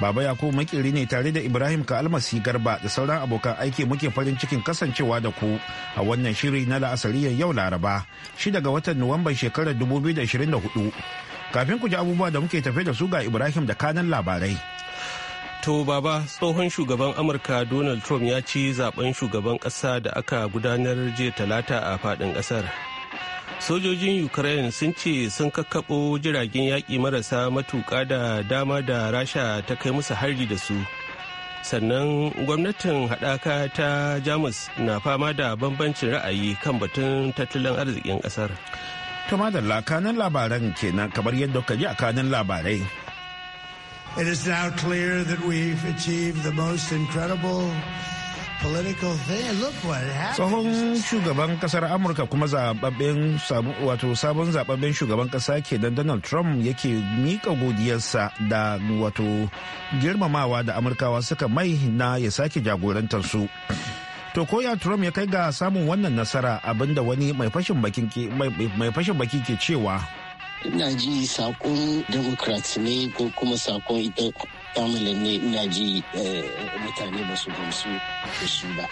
Baba Yakubu makiri ne tare da Ibrahim Ka'almasi Garba da sauran abokan aiki muke farin cikin kasancewa da ku a wannan shiri na la'asariyar yau Laraba, shi daga watan Nuwamban shekarar 2024. Kafin ku ji abubuwa da muke tafe da su ga Ibrahim da kanan labarai. To baba tsohon shugaban Amurka Donald Trump ya ci zaben shugaban ƙasa da aka gudanar jiya talata a faɗin ƙasar. sojojin ukraine sun ce sun kakkaɓo jiragen yaƙi marasa matuƙa da dama da rasha ta kai musu hari da su sannan gwamnatin haɗaka ta jamus na fama da bambancin ra'ayi kan batun tattalin arzikin ƙasar kama da lakanan labaran kenan kamar yadda ka ji a kanin labarai It is now clear that we've achieved the most incredible Tsohon shugaban kasar Amurka kuma zababben wato sabon zababben shugaban kasa kenan Donald Trump yake mika godiyarsa da wato girmamawa da Amurkawa suka mai na ya sake jagorantar su. to koya trump ya kai ga samun wannan nasara abinda wani mai fashin baki ke cewa ina ji sakon democrats ne ko kuma sakon ita ɗan ne ina ji eh, mutane ba su gamsu da shi ba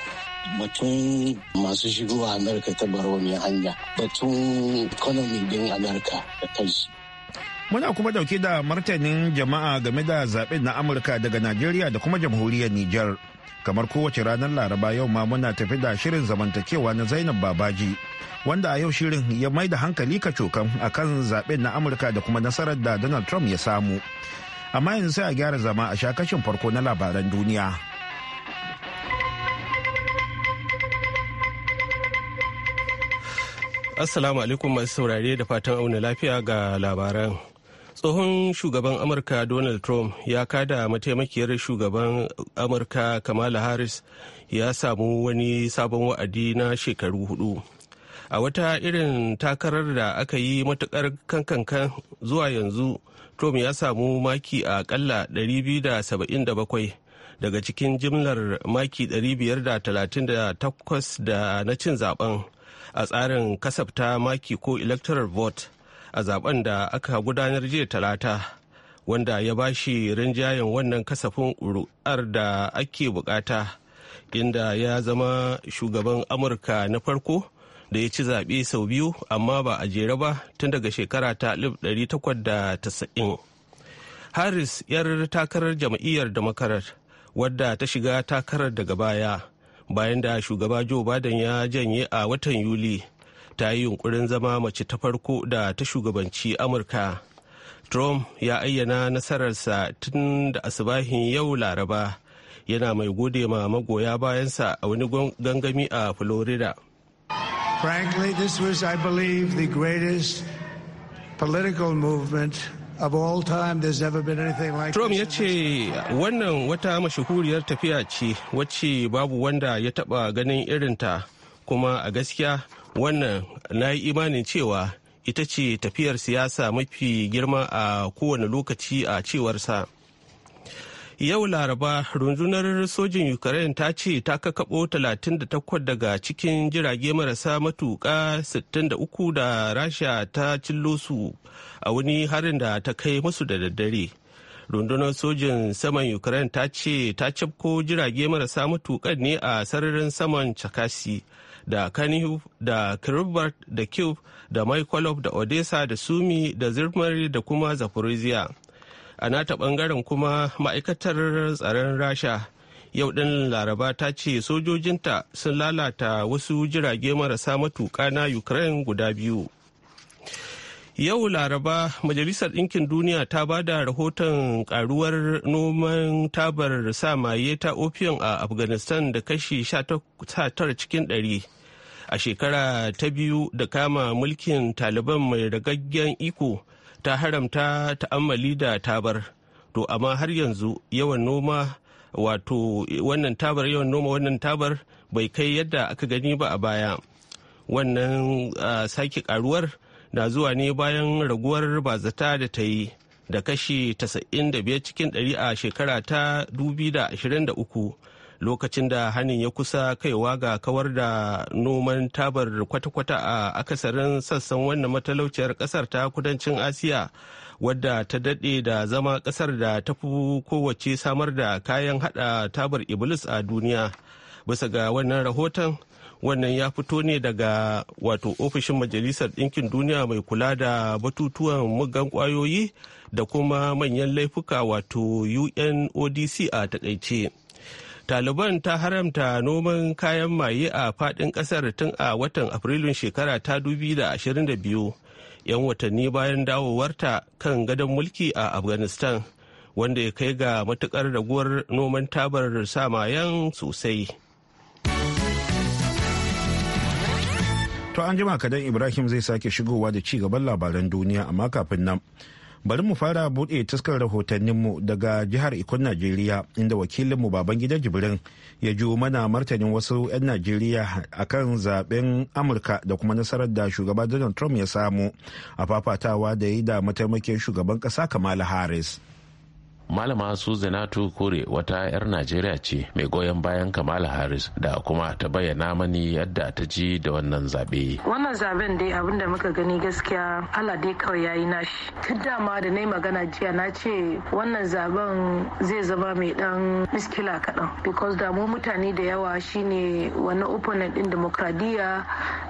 batun masu shigowa amurka ta baro mai hanya batun economy din amurka da kansu Muna kuma dauke da martanin jama'a game da zaɓen na Amurka daga Najeriya da kuma jamhuriyar Nijar. Kamar kowace ranar Laraba yau ma muna tafi da shirin zamantakewa na Zainab Babaji, wanda a yau shirin ya mai da hankali kacokan a kan zaɓen na Amurka da kuma nasarar da Donald Trump ya samu. amma yanzu sai a gyara zama a shakashin farko na labaran duniya. Assalamu alaikum masu saurare da fatan auna lafiya ga labaran. tsohon shugaban amurka donald trump ya kada mataimakiyar shugaban amurka kamala harris ya samu wani sabon wa'adi na shekaru hudu a wata irin takarar da aka yi matukar kankankan zuwa yanzu trump ya samu maki a akalla 277 daga cikin jimlar maki 538 da na cin zaben a tsarin kasafta maki ko electoral vote a zaben da aka gudanar jiya talata wanda ya ba shi rinjayen wannan kasafin ƙuri'ar da ake bukata inda ya zama shugaban amurka na farko da ya ci zaɓe sau biyu amma ba a jere ba tun daga shekara ta 1890 harris yar takarar jam'iyyar damakarar wadda ta shiga takarar daga baya bayan da shugaba joe biden ya janye a watan yuli ta yi yunkurin zama mace ta farko da ta shugabanci amurka trump ya ayyana nasararsa tun da asibahin yau laraba yana mai gode ma magoya bayansa a wani gangami a florida Frankly, this was, I believe, the greatest political movement of all time. There's never been anything like Trump ya ce wannan wata mashahuriyar tafiya ce wacce babu wanda ya taba ganin irinta kuma a gaskiya wannan na yi imanin cewa ita ce tafiyar siyasa mafi girma a kowane lokaci a cewarsa. yau laraba rundunar sojin ukraine ta ce ta kakaɓo 38 daga cikin jirage marasa matuka 63 da rasha ta cillo su a wani harin da ta kai musu da daddare rundunar sojin saman ukraine ta ce ta cafko jirage marasa matukan ne a sararin saman chakasi da kanihu da kiribart da kyiv da maikolov da odessa da sumi da zirmari da kuma zaporizhia a nata bangaren kuma ma'aikatar tsaron rasha yau ɗan laraba ta ce sojojinta sun lalata wasu jirage marasa matuƙa na ukraine guda biyu yau laraba majalisar ɗinkin duniya ta ba da rahoton karuwar noman tabar sa maye ta opium a afghanistan da kashi 19 cikin 100 a shekara ta biyu da kama mulkin taliban mai ragaggen iko ta haramta ta'ammali da tabar to amma har yanzu yawan noma wato wannan tabar yawan noma wannan tabar bai kai yadda aka gani ba a baya wannan sake karuwar na zuwa ne bayan raguwar bazata da ta yi da kashi 95 cikin 100 a shekara ta 2023 lokacin da hannun ya kusa kaiwa ga kawar da noman tabar kwata-kwata a akasarin sassan wannan matalauciyar kasar ta kudancin asiya wadda ta daɗe da zama kasar da ta fi kowace samar da kayan hada tabar iblis a duniya bisa ga wannan rahoton wannan ya fito ne daga wato ofishin majalisar ɗinkin duniya mai kula da batutuwan mugan kwayoyi da kuma manyan laifuka wato unodc a takaice. taliban ta haramta noman kayan maye a fadin kasar tun a watan afrilun shekara ta biyu yan watanni bayan dawowarta kan gadon mulki a afghanistan wanda ya kai ga matukar raguwar noman tabar samayen sosai to an jima kadan ibrahim zai sake shigowa da ci gaban labaran duniya amma kafin nan bari mu fara buɗe taskar rahotanninmu daga jihar ikon najeriya inda wakilinmu baban gidan jibrin ya ji mana martanin wasu 'yan najeriya akan zaben amurka da kuma nasarar da shugaba donald trump ya samu a fafatawa da yi da mataimakin shugaban kasa kamala harris malama suzinatu kore wata 'yar najeriya ce mai goyon bayan kamala harris da kuma ta bayyana mani yadda ta ji da wannan zabe. wannan zaben dai abin da muka gani gaskiya allah dai kawai ya yi nashi tun dama da na yi magana jiya na ce wannan zaben zai zama mai dan miskila kaɗan because mu mutane da yawa shine wani opponent din demokradiyya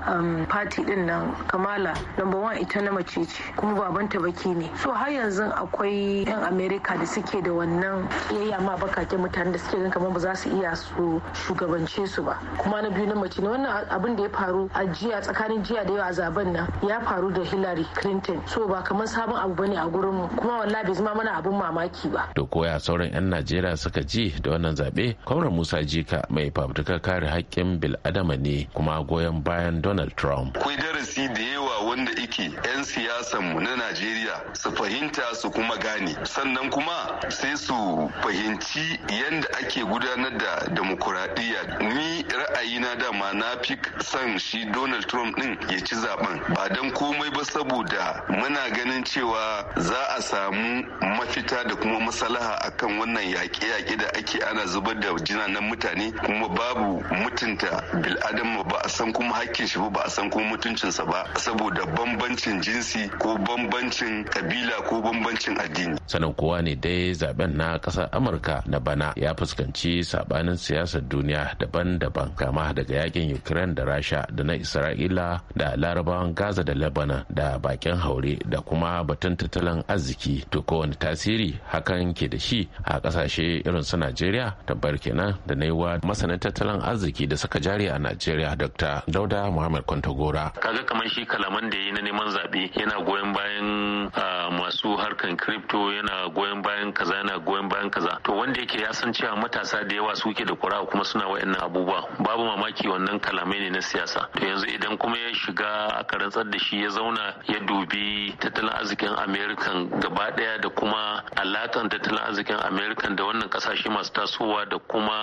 um, party din nan kamala number one ita na mace ce kuma babanta baki ne so har yanzu akwai 'yan america da suke yake da wannan kiyayya ma kake mutane da suke gan kamar ba za su iya su shugabance su ba kuma na biyu na mace ne wannan abin da ya faru a jiya tsakanin jiya da yau a zaben nan ya faru da Hillary Clinton so ba kamar sabon abu bane a gurin mu kuma wallahi bai zama mana abun mamaki ba to koya sauran yan Najeriya suka ji da wannan zabe Kwamar Musa Jika mai fafutukar kare haƙƙin bil'adama ne kuma goyon bayan Donald Trump akwai darasi da yawa wanda ike yan siyasan mu na Najeriya su fahimta su kuma gane sannan kuma sai su fahimci yadda ake gudanar da demokuraɗiyya ni ra'ayina dama na fi son shi donald trump din ya ci zaben ba don komai ba saboda muna ganin cewa za a samu mafita da kuma masalaha akan wannan yaƙe-yaƙe da ake ana zubar da jinanan mutane kuma babu mutunta bil'adama ba a san kuma hakkin shi ba a san kuma mutuncinsa ba saboda bambancin jinsi ko bambancin kabila ko bambancin addini sanin kowa ne dai dai zaben na kasar amurka na bana ya fuskanci sabanin siyasar duniya daban-daban kama daga yakin ukraine da rasha da na isra'ila da larabawan gaza da lebanon da bakin haure da kuma batun tattalin arziki to kowane tasiri hakan ke da shi a ƙasashe irin su najeriya tabbar kenan da na yi wa masanin tattalin arziki da suka jari a najeriya dr dauda muhammad kwantagora kaga kamar shi kalaman da yi na neman zaɓe yana goyon bayan ah, masu harkan crypto yana goyon bayan kaza yana goyon bayan kaza to wanda yake ya san cewa matasa da yawa suke da kura kuma suna wayannan abubuwa babu mamaki wannan kalamai ne na siyasa to yanzu idan kuma ya shiga aka rantsar da shi ya zauna ya dubi tattalin arzikin american gaba daya da kuma alakan tattalin arzikin american da wannan kasashe masu tasowa da kuma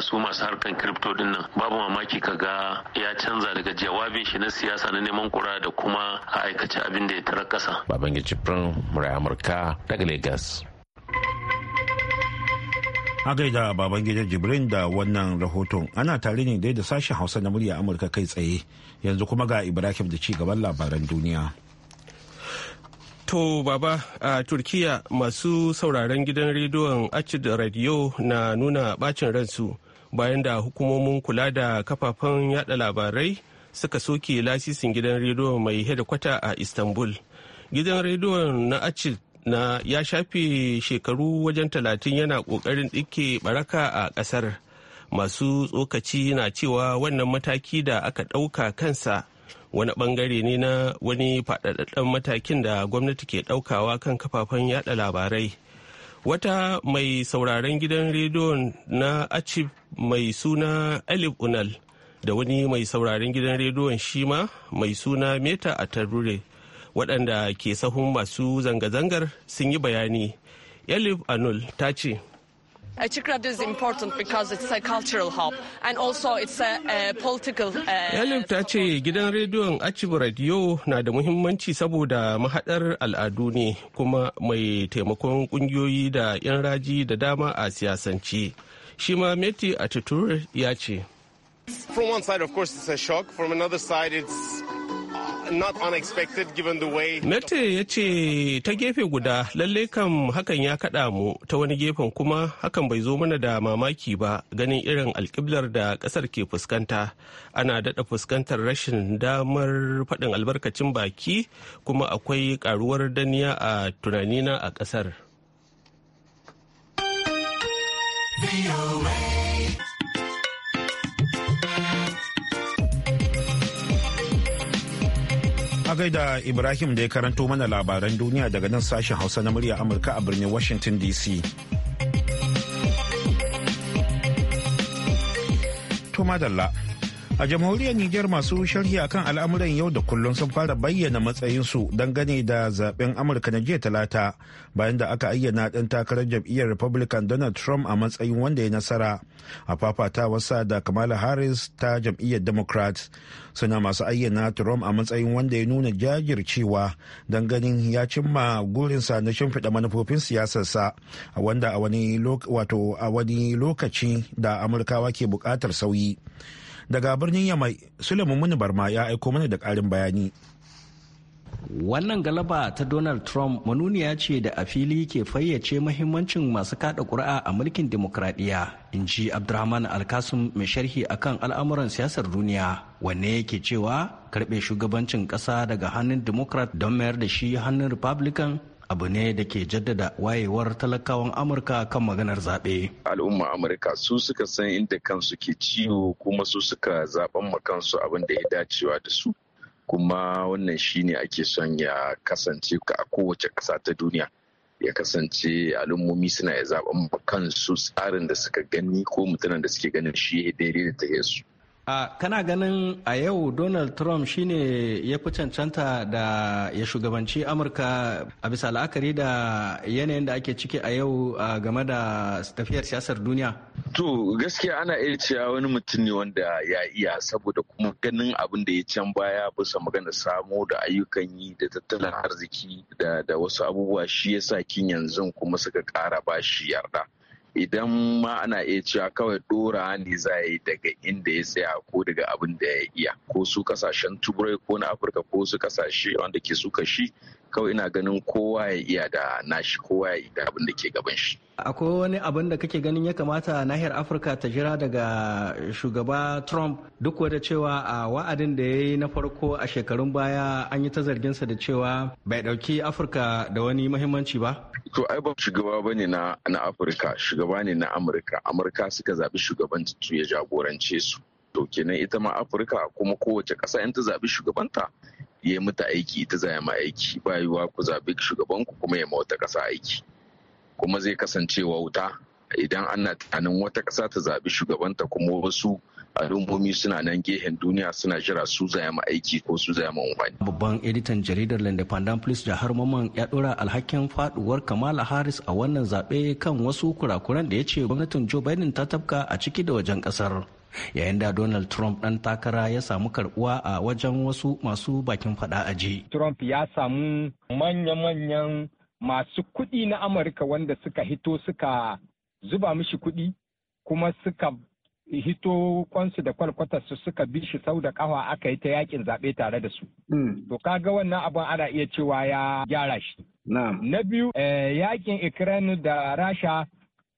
su masu harkan crypto din nan babu mamaki kaga ya canza daga jawabin shi na siyasa na neman kura da kuma a aikace abin da ya tarar kasa babangiji prin murai amurka daga lagos A gaida baban gidan Jibrin da wannan rahoton ana tare ne dai da sashen Hausa na murya Amurka kai tsaye yanzu kuma ga Ibrahim da ci gaban labaran duniya. To baba a Turkiya masu sauraron gidan rediyon Acid Radio na nuna bacin ransu bayan da hukumomin kula da kafafen yada labarai suka soke lasisin gidan rediyon mai hedikwata a Istanbul. Gidan rediyon na Acid na ya shafe shekaru wajen talatin yana ƙoƙarin ɗike baraka a ƙasar masu tsokaci na cewa wannan mataki da aka ɗauka kansa wani ɓangare ne na wani faɗaɗɗen matakin da gwamnati ke ɗaukawa kan kafafen yada labarai wata mai sauraron gidan rediyon na achib mai suna alif unal da wani mai sauraron gidan rediyon shima mai suna meta a tarure waɗanda ke sahun masu zanga-zangar sun yi bayani yalif anul ta ce Uh, is important because it's a cultural hub and also it's a, a political. Yalif uh, ta ce gidan rediyon achib Radio na da muhimmanci saboda mahadar al'adu ne kuma mai taimakon kungiyoyi da 'yan raji da dama a siyasance. Shi ma Meti Atitur ya ce. From one side of course it's a shock, from another side it's not unexpected given the way. ya ce ta gefe guda lalle kam hakan ya kaɗa mu ta wani gefen kuma hakan bai zo mana da mamaki ba ganin irin alkiblar da ƙasar ke fuskanta ana daɗa fuskantar rashin damar faɗin albarkacin baki kuma akwai ƙaruwar daniya a tunanina a ƙasar. gaida Ibrahim da ya karanto mana labaran duniya daga nan sashen Hausa na murya Amurka a birnin Washington DC. To madalla. a jamhuriyar nijar masu sharhi akan al'amuran yau da kullum sun fara bayyana matsayinsu dangane da zaben amurka na jiya talata bayan da aka ayyana ɗan takarar jam'iyyar republican donald trump a matsayin wanda ya nasara a wasa da kamala harris ta jam'iyyar democrat suna masu ayyana trump a matsayin wanda ya nuna jajircewa don ganin ya cimma gurinsa na shimfiɗa manufofin siyasarsa wanda a wani lokaci da amurkawa ke buƙatar sauyi daga birnin yamai sulaiman muni barma ya aiko mana da karin bayani wannan galaba ta donald trump manuniya ce da a fili ke fayyace mahimmancin masu kada ƙuri'a a mulkin demokradiyya in ji abdurrahman alkasum mai sharhi akan al'amuran siyasar duniya wanne yake cewa karbe shugabancin kasa daga hannun democrat don mayar da shi hannun republican abu ne da ke jaddada wayewar talakawan amurka kan maganar zaɓe. al'umma amurka su suka san inda kansu ke ciwo kuma su suka zaɓen ma kansu abin da ya dacewa da su kuma wannan shine ake son ya kasance a kowace ƙasa ta duniya ya kasance al'ummomi suna ya zaɓen kansu tsarin da suka gani ko mutanen da suke ganin shi ya daidai da ta su. a kana ganin a yau donald trump shine ya fi cancanta da ya shugabanci amurka a bisa la'akari da yanayin da ake ciki a yau game da tafiyar siyasar duniya to gaskiya ana iya cewa wani mutum ne wanda ya iya saboda kuma ganin abin da ya can baya bisa magana samo da ayyukan yi da tattalin arziki da wasu abubuwa shi yasa kin yanzu kuma suka kara shi yarda idan ma ana iya cewa kawai dora ne za yi daga inda ya tsaya ko daga abin da ya iya ko su kasashen turai ko na afirka ko su kasashe wanda ke suka shi kawai ina ganin kowa ya iya da nashi kowa ya iya abin da ke gaban shi akwai wani abin da kake ganin ya kamata nahiyar afirka ta jira daga shugaba trump duk wata cewa a wa'adin da ya yi na farko a shekarun baya an yi ta zarginsa da cewa bai ɗauki afirka da wani mahimmanci ba to ai ba shugaba ba ne na afirka shugaba ne na amurka amurka suka zaɓi shugaban su ya jagorance su to kenan ita ma afirka kuma kowace ƙasa in ta zaɓi shugabanta ya yi mata aiki ta za ma aiki ba yiwuwa ku zaɓi shugaban kuma ya ma wata ƙasa aiki kuma zai kasance wauta idan ana tunanin wata ƙasa ta zaɓi shugabanta kuma wasu al'ummomi suna nan gehen duniya suna jira su zaya ma aiki ko su zaya ma umarni. Babban editan jaridar L'Independent Police Jihar Maman ya dora alhakin faduwar Kamala Harris a wannan zaɓe kan wasu kurakuran da ya ce gwamnatin Joe Biden ta tafka a ciki da wajen ƙasar. yayin da donald trump ɗan takara ya samu karbuwa a wajen wasu masu bakin faɗa fada ji. trump ya samu manya-manyan masu kuɗi na amurka wanda suka hito suka zuba mishi kuɗi kuma suka hito kwansu da kwalkwatarsu suka bi shi sau da kawa aka yi ta yakin zaɓe tare da su. Hmm. To kaga wannan abin ana iya cewa ya gyara shi. Na biyu eh, yakin Ukraine da Rasha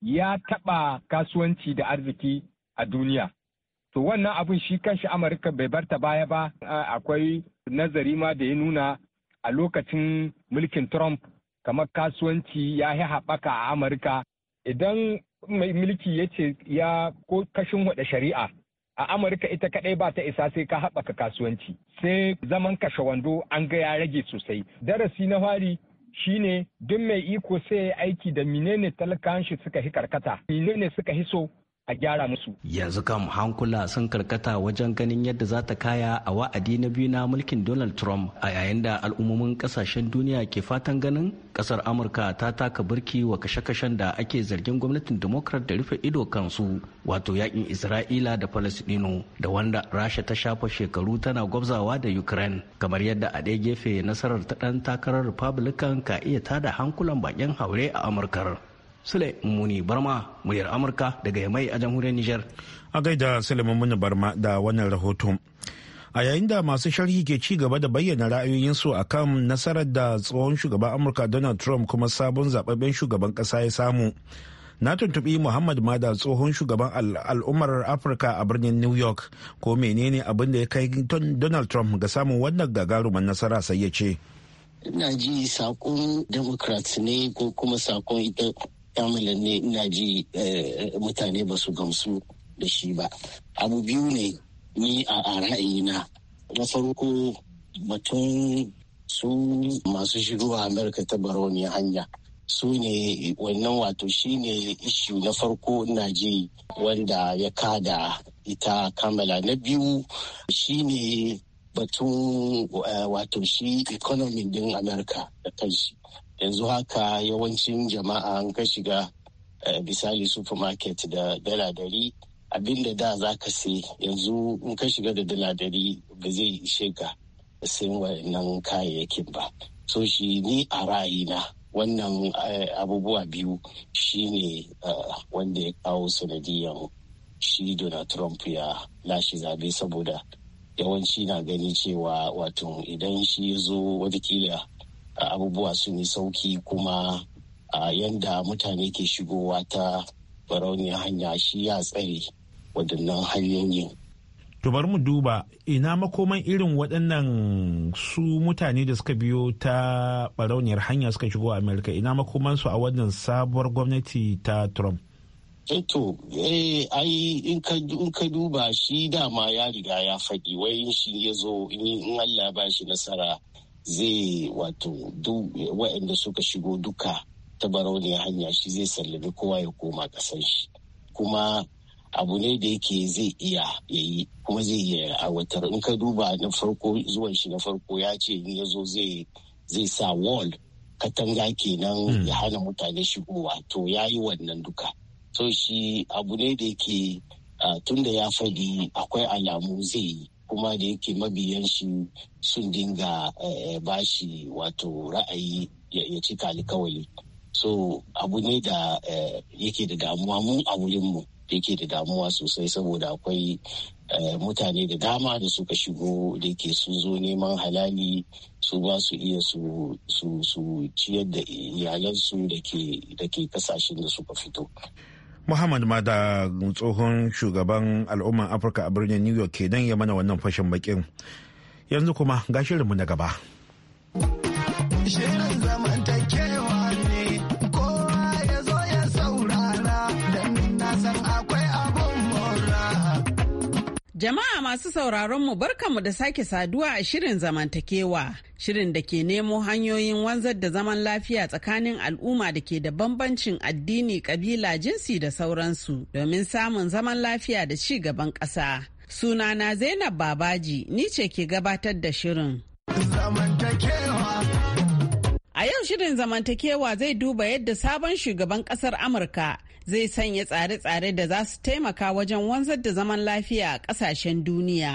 ya taɓa kasuwanci da arziki a duniya. to wannan abin shi kanshi amurka bai barta baya ba akwai nazari ma da ya nuna a lokacin mulkin trump kamar kasuwanci ya yi haɓaka a amurka idan mai mulki ya ce ya ko kashin wada shari'a a amurka ita kaɗai ba ta isa sai ka haɓaka kasuwanci sai zaman kashe wando an ga ya rage sosai darasi na fari shine duk mai iko sai aiki da menene talakan shi suka hi karkata menene suka hi so a gyara musu. Yanzu kam hankula sun karkata wajen ganin yadda za ta kaya a wa'adi na biyu na mulkin Donald Trump a yayin da al'ummomin kasashen duniya ke fatan ganin kasar Amurka ta taka birki wa kashe-kashen da ake zargin gwamnatin Democrat da rufe ido kansu wato yakin Isra'ila da Palestino da wanda Rasha ta shafa shekaru tana gwabzawa da Ukraine kamar yadda a ɗaya gefe nasarar ta ɗan takarar Republican ka iya tada hankulan bakin haure a Amurkar. Sule Muni Barma muryar Amurka daga Yamai a jamhuriyar Nijar. A gaida Sule Muni Barma da wannan rahoto A yayin da masu sharhi ke ci gaba da bayyana ra'ayoyinsu a kan nasarar da tsohon shugaban Amurka Donald Trump kuma sabon zababben shugaban ƙasa ya samu. Na tuntuɓi Muhammad da tsohon shugaban al'ummar Afirka a birnin New York ko menene abin da ya kai Donald Trump ga samun wannan gagarumin nasara sai ya ce. ina ji sakon democrats ne ko kuma sakon ita yan ne ina ji eh, mutane ba su gamsu da shi ba abu biyu ne ni a ra'ayina na farko batun su masu shigowa amurka ta baroni hanya su ne wannan wato shi ne ishu na farko ina ji wanda ya kada ita kamala na biyu shi ne batun eh, wato shi economy din amurka da kanshi yanzu haka yawancin jama'a an ka shiga eh, misali supermarket da dala dari abinda da za ka sai yanzu in ka shiga da dala dari ba zai ishe ka sayan wannan kayayyakin ba so shi ni a ra'ayina wannan eh, abubuwa biyu shine eh, wanda ya kawo sanadiyan shi donald trump ya lashe zabe saboda yawanci na gani cewa wato idan shi ya zo watakila abubuwa sun yi sauki kuma a yanda mutane ke shigowa ta barauniyar hanya shi ya tsare waɗannan hanyoyin To bari mu duba ina makoman irin waɗannan su mutane da suka biyo ta barauniyar hanya suka shigo Amerika ina makomansu a wannan sabuwar gwamnati ta Trump. Eto, eh, eh, ai in ka duba shi dama ya riga ya faɗi wai shi ya zo in Allah ba shi nasara zai wato duk waɗanda suka shigo duka ta barauniyar hanya shi zai sallabi kowa ya koma ƙasar shi kuma abu ne da yake zai iya yayi kuma zai iya watar in ka duba na farko zuwan shi na farko ya ce in ya zo zai sa wall katanga kenan hmm. ya hana mutane shigowa to ya yi wannan duka so shi abu ne da yake ah, tun da ya faɗi akwai alamu zai yi kuma da yake mabiyan shi sun dinga eh, bashi wato ra'ayi ya cika kawai so abu ne da eh, yake da damuwa mun a wurinmu da yake da damuwa sosai saboda akwai eh, mutane da dama da suka shigo da yake sun zo neman halali su ba su iya su ciyar da iyalansu da ke kasashen da suka fito Muhammad ma da tsohon shugaban al'umman Afirka a birnin New York kenan ya mana wannan fashin bakin. Yanzu kuma ga shirinmu na gaba. Jama'a masu sauraron sauraronmu barkanmu da sake saduwa a shirin zamantakewa, shirin da ke nemo hanyoyin wanzar da zaman lafiya tsakanin al'umma da ke da bambancin addini, kabila, jinsi da sauransu domin samun zaman lafiya da ci gaban ƙasa. Sunana Zainab Babaji, ni ce ke gabatar da shirin. Zaman A yau shirin zamantakewa zai duba yadda sabon shugaban kasar Amurka zai sanya tsare-tsare da za su taimaka wajen wanzar da zaman lafiya a kasashen duniya.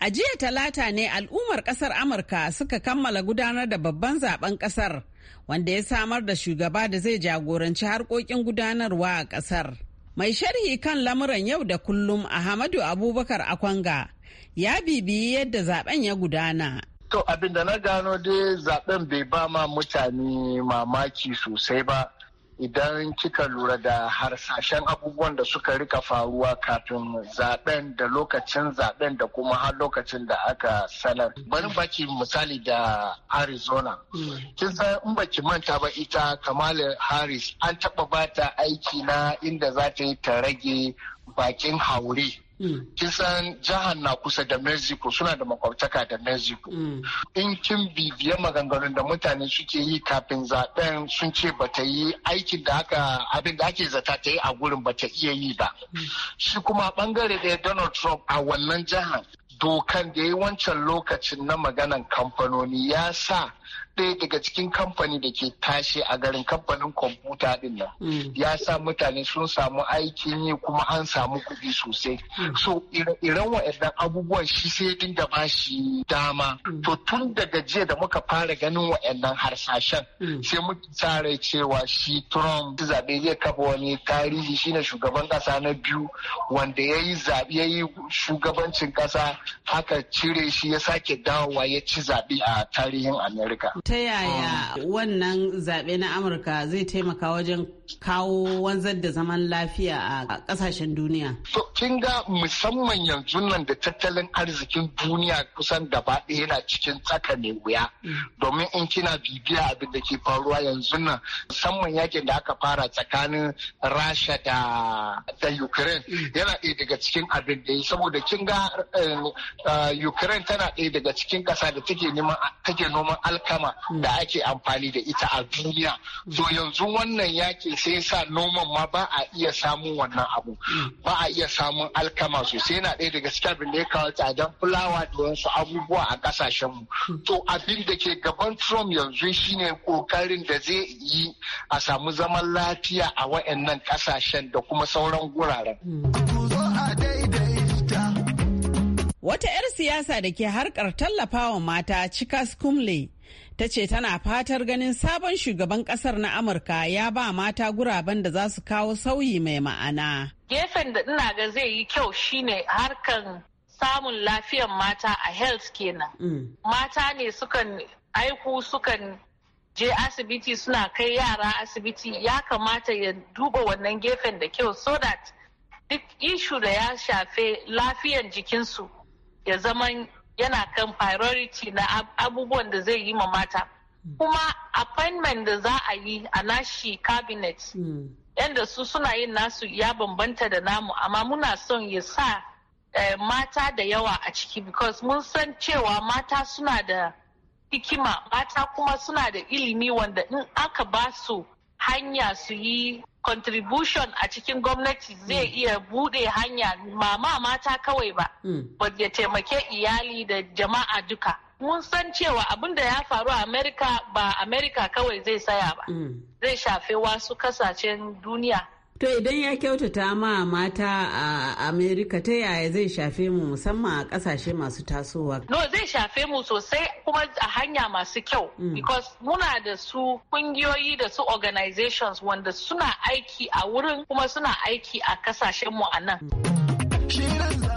A jiya talata ne al'ummar kasar Amurka suka kammala gudanar da babban zaben kasar wanda ya samar da shugaba da zai jagoranci harkokin gudanarwa a kasar. Mai sharhi kan lamuran yau da kullum Ahmadu Abubakar Akwanga. ya bibiyi yadda zaben ya gudana. To abin da na gano dai zaben bai ba ma mutane mamaki sosai ba idan kika lura da harsashen abubuwan da suka rika faruwa kafin zaben da lokacin zaben da kuma har lokacin da aka sanar. Bari baki misali da Arizona. Mm. Kin san in baki manta ba ita Kamala Harris an taba bata aiki na inda za ta yi ta rage bakin haure. Mm. Kisan san jihar na kusa da mexico suna da makwabtaka da mexico mm. in kin bibiya maganganun da mutane suke yi kafin zaben sun ce bata yi aikin da aka abin da ake zata ta yi a gurin bata iya yi ba mm. shi kuma bangare ɗaya donald trump a wannan jihar dokan da ya yi wancan lokacin na maganan kamfanoni ya sa ɗaya daga cikin kamfani da ke tashi a garin kamfanin kwamfuta ɗin nan mm. ya sa mutane sun samu aikin yi kuma an samu kuɗi sosai mm. so iran wa'annan abubuwan shi sai ya dinga ba shi dama mm. to tun daga jiya da muka fara ganin wa'annan harsashen sai muka tsara cewa shi trump zaɓe zai kafa wani tarihi shine shugaban ƙasa na biyu wanda ya yi zaɓe ya yi shugabancin ƙasa haka cire shi ya sake dawowa ya ci zaɓe a tarihin amerika ta yaya ah. wannan zaɓe na amurka zai taimaka wajen kawo wanzar da zaman lafiya a kasashen duniya? So, kin ga musamman yanzu nan da tattalin arzikin duniya kusan gaba ɗaya yana cikin tsaka wuya. Mm. Domin in kina bibiya abin da ke faruwa yanzu nan musamman yakin da aka fara tsakanin Rasha da da Ukraine mm. yana ɗaya daga cikin abin da ya saboda kin ga eh, eh, Ukraine tana ɗaya daga cikin ƙasa da take neman take noman alkama mm. da ake amfani da ita a duniya. So yanzu wannan yaki sai sa noman ma ba a iya samun wannan abu ba a iya samun alkama sosai na ɗaya daga cikin abin da ya kawo tsadan fulawa da wasu abubuwa a ƙasashen mu to abin da ke gaban Trump yanzu shine kokarin da zai yi a samu zaman lafiya a waɗannan ƙasashen da kuma sauran guraren. Wata 'yar siyasa da ke harkar tallafawa mata Cikas Kumle ta ce tana fatar ganin sabon shugaban kasar na amurka ya ba mata guraben da za su kawo sauyi mai ma'ana gefen da ina ga zai yi kyau shine harkan samun lafiyan mata a health kenan mm. mata ne sukan aiku sukan je asibiti suna kai yara asibiti ya kamata ya duba wannan gefen da kyau so that duk ishu da ya shafe lafiyan jikinsu ya zama yana kan priority na abubuwan da zai yi ma mata hmm. kuma appointment da za a yi a nashi cabinet hmm. yadda su suna yin nasu ya bambanta da namu amma muna son ya sa eh, mata da yawa a ciki because mun san cewa mata suna da hikima mata kuma suna da ilimi wanda in aka ba su hanya su yi contribution a cikin gwamnati zai mm. iya bude hanya mama mata kawai ba wadda mm. taimake iyali da jama'a duka mun san cewa abin da ya faru a amerika ba amerika kawai zai saya ba mm. zai shafe wasu kasashen duniya To idan ya kyautata ma mata a Amerika ta yaya zai shafe mu musamman a kasashe masu tasowa? No zai shafe mu sosai kuma a hanya masu kyau. Mm. Because muna da su kungiyoyi da su organizations wanda suna aiki a wurin kuma suna aiki a kasashen mu a nan.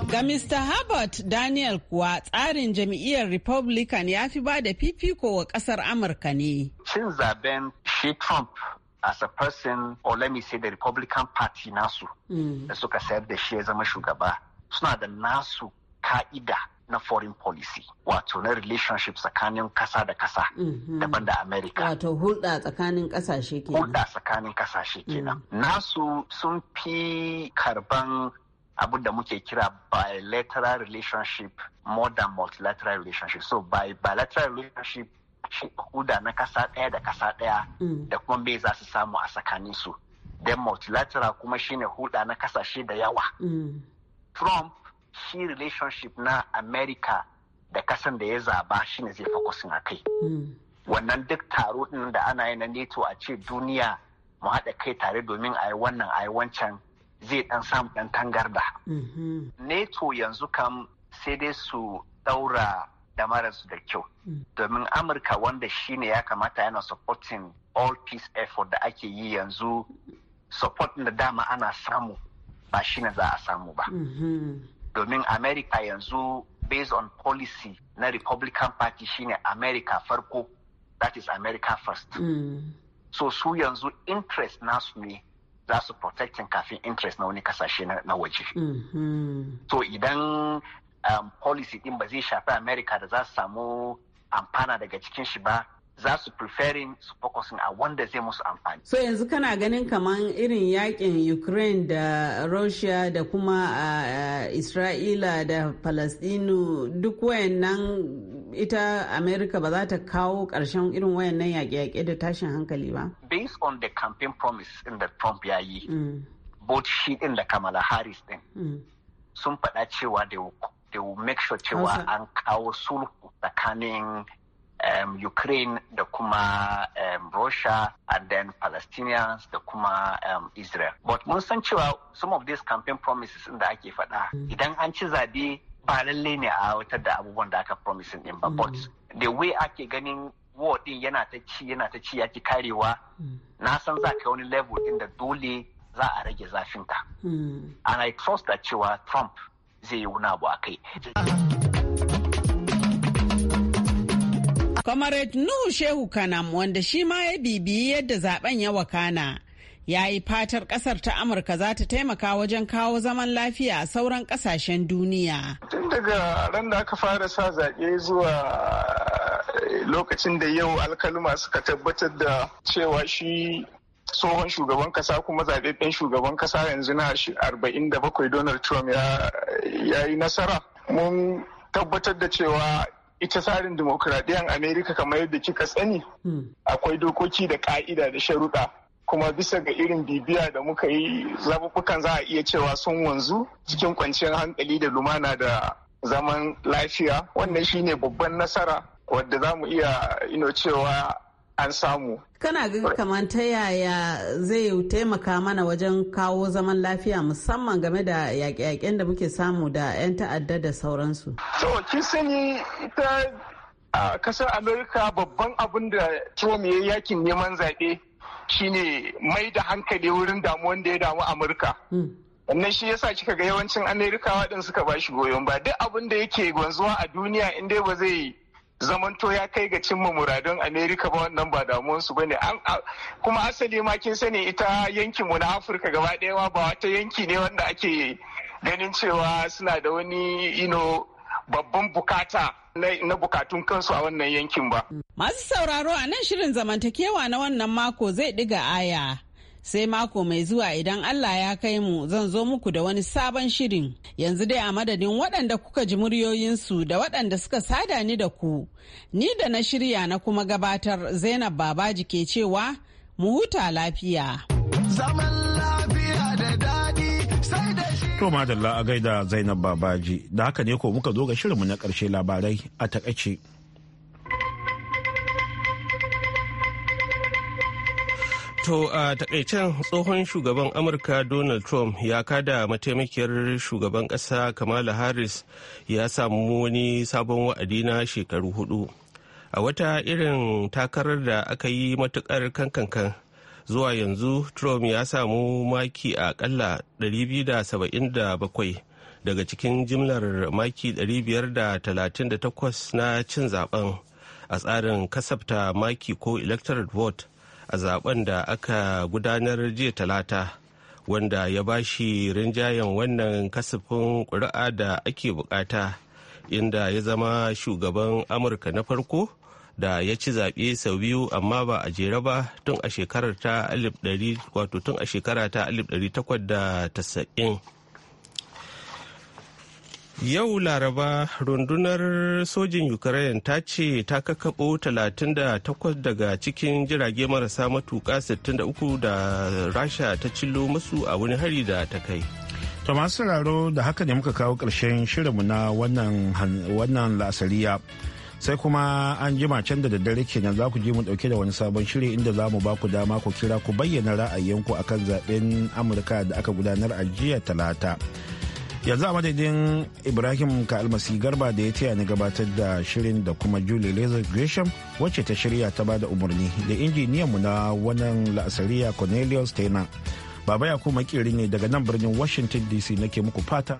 Ga Mr. Herbert Daniel kuwa tsarin jam'iyyar Republican ya fi ba da fifiko wa ƙasar Amurka ne. Cin zaben shi Trump as a person or let me say the Republican Party nasu da mm. suka sayar da shi ya zama shugaba suna da nasu ka'ida na foreign policy wato na relationship tsakanin kasa da kasa mm-hmm. daban da america wato hulɗa tsakanin kasashe kenan hulɗa tsakanin kasashe kenan mm. nasu sun fi karban abu da muke kira bilateral relationship more than multilateral relationship so by bilateral relationship huda na kasa ɗaya da kasa ɗaya mm. da kuma me za su samu a tsakanin su don multilateral kuma shine huda na kasashe da yawa mm. trump shi relationship na america da kasan da ya zaba shine zai fi a kai mm. wannan duk taro ɗin da ana yi na neto a ce duniya mu haɗa kai tare domin a yi wannan a yi wancan zai ɗan samu ɗan tangarda. Mm-hmm. neto yanzu kam sai dai su ɗaura damararsu da kyau hmm. domin amurka wanda shine ya kamata yana supporting all peace effort da ake yi yanzu support da dama ana samu ba shi shine za a samu ba mm-hmm. domin amerika yanzu based on policy na republican party shine america farko that is america first mm. so su yanzu interest nasu ne za su protecting kafin interest na wani kasashe na waje. Mm So idan um, policy din ba zai shafi america da za su samu amfana daga cikin shi ba za su preferring su focusing a wanda zai musu amfani. So yanzu kana ganin kamar irin yakin Ukraine da Russia da kuma uh, Isra'ila da Palestinu duk wayannan ita America ba za ta kawo ƙarshen irin wayannan yaƙe-yaƙe da tashin hankali ba? Based on the campaign promise in da Trump ya yi, mm. both shi din da Kamala Harris din mm. sun faɗa cewa da they will make sure cewa an kawo sulhu tsakanin um, Ukraine da kuma um, Russia and then Palestinians da kuma um, Israel. But mun san cewa some of these campaign promises da ake faɗa mm. idan an ci zabe ba lalle ne a watar da abubuwan da aka promising din ba. But mm. the way ake ganin war din yana ta ci yana ta ci yaki karewa mm. na san za ka wani level din da dole za a rage zafinta. And I trust that cewa Trump zai yi wuna abu a kai. Comrade Nuhu Shehu Kanam wanda shi ma ya bibiyi yadda zaben ya wakana. Ya yi fatar kasar ta Amurka za ta taimaka wajen kawo zaman lafiya a sauran kasashen duniya. Tun daga ran da aka fara sa zaɓe zuwa eh, lokacin da yau alkaluma suka tabbatar da cewa shi tsohon shugaban kasa kuma zaɓaɓɓen shugaban kasa yanzu na 47 donald trump ya yi nasara mun tabbatar da cewa ita tsarin dimokuraɗiyyar amerika kamar yadda kika sani hmm. akwai dokoki da ka'ida da sharuɗa kuma bisa ga irin bibiya da muka yi zaɓuɓɓukan za a iya cewa sun wanzu cikin kwanciyar hankali da lumana da zaman lafiya wannan shine babban nasara wadda za mu iya ino cewa an samu. Kana ga kamar ta yaya zai taimaka mana wajen kawo zaman lafiya musamman game da yaƙe-yaƙen da muke samu da 'yan ta'adda da sauransu. To, kin sani ita a kasar Amerika babban abin da Trump ya yakin neman zaɓe shine mai da hankali wurin damuwan da ya damu Amurka. Hmm. wannan shi yasa kika ga yawancin Amerikawa din suka bashi goyon ba duk abin da yake gwanzuwa a duniya in dai ba zai zamanto ya kai ga cimma muradun amerika ba wannan ba damuwansu ba ne kuma asali ma kin sani ita yankinmu na afirka gaba ɗaya ba wata yanki ne wanda ake ganin cewa suna da wani ino babban bukata na bukatun kansu a wannan yankin ba. Masu sauraro a nan shirin zamantakewa na wannan mako zai diga aya sai mako mai zuwa idan Allah ya kai mu zan zo muku da wani sabon shirin. Yanzu dai a madadin waɗanda kuka ji muryoyinsu da waɗanda suka sada ni da ku. Ni da na shirya na kuma gabatar Zainab Babaji ke cewa mu huta lafiya. Zaman lafiya da daɗi sai da gaida Zainab Babaji da haka ne ko muka zo ga shirinmu na ƙarshe labarai a takaice. To a takaicen tsohon shugaban Amurka Donald Trump ya kada mataimakiyar shugaban ƙasa Kamala Harris ya samu wani sabon wa'adi na shekaru hudu. A wata irin takarar da aka yi matukar kankankan zuwa yanzu Trump ya samu maki a akalla 277 daga cikin jimlar maki 538 na cin zaben a tsarin kasafta maki ko electoral vote a zaben da aka gudanar jiya talata wanda ya ba shi rinjayen wannan kasafin ƙuri'a da ake bukata inda ya zama shugaban amurka na farko da ya ci zaɓe sau biyu amma ba a jere ba tun a shekara ta 1890 Yau Laraba rundunar sojin Ukraine ta ce ta kakaɓo 38 daga cikin jirage marasa matuƙa 63 da Rasha ta cillo masu a wani hari da ta kai. To masu sauraro da haka ne muka kawo ƙarshen shirinmu na wannan la'asariya. sai kuma an jima can da daddare kenan za ku ji mu dauke da wani sabon shiri inda za mu ba ku dama ku kira ku bayyana ra'ayinku akan zaben amurka da aka gudanar a jiya talata yanzu a madadin ibrahim ka almasi garba da ya taya ni gabatar da shirin da kuma julie laser gresham wacce ta shirya ta bada umarni da mu na wannan la'asariya cornelius tena baba ya kuma ne daga nan birnin washington dc nake muku fata